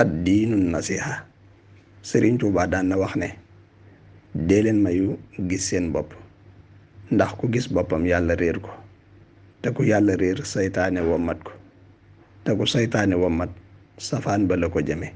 addiinu nasiha Sëriñ Tuubaa daan na wax ne dee mayu gis seen bopp ndax ku gis boppam yàlla réer ko te ku yàlla réer saytaane wommat ko te ku saytaane wommat safaan ba la ko jëme